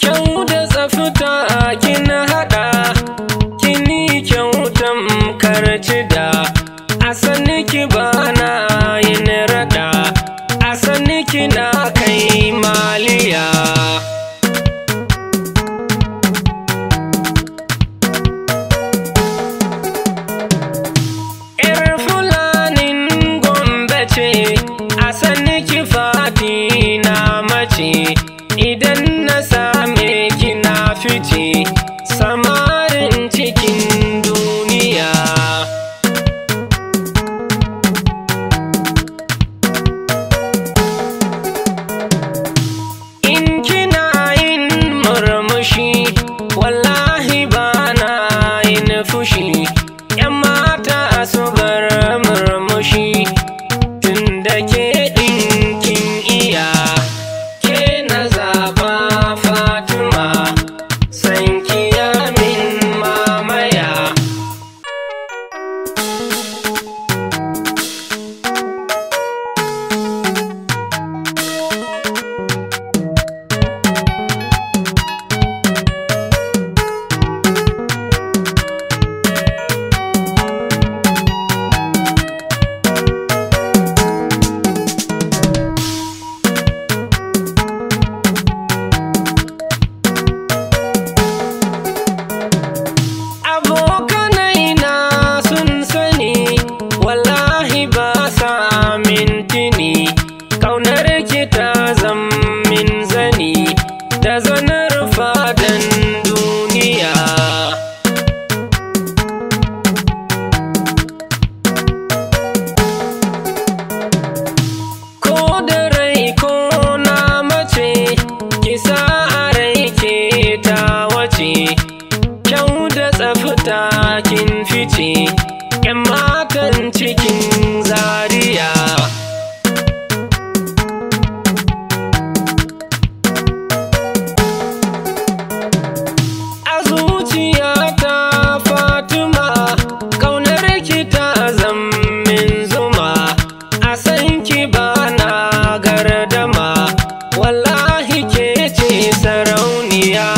kyau da tsafta kin haɗa kini kyau tamkar cida a sanni ki bana idan na same kina na fice samarin cikin duniya in kina yin murmushi wallahi ba na yin fushi yan mata su bar murmushi tun da ke Kaunar ki ta zammin zani da zanar fadan duniya Ko da rai ko na mace kisa a rai ke ta wace kyau da tsafta kin fice ya matan cikin zariya zuciyata Fatima kaunar ki ta zammin zuma a san ki bana gardama Walahi ke ce sarauniya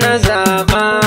na zaɓa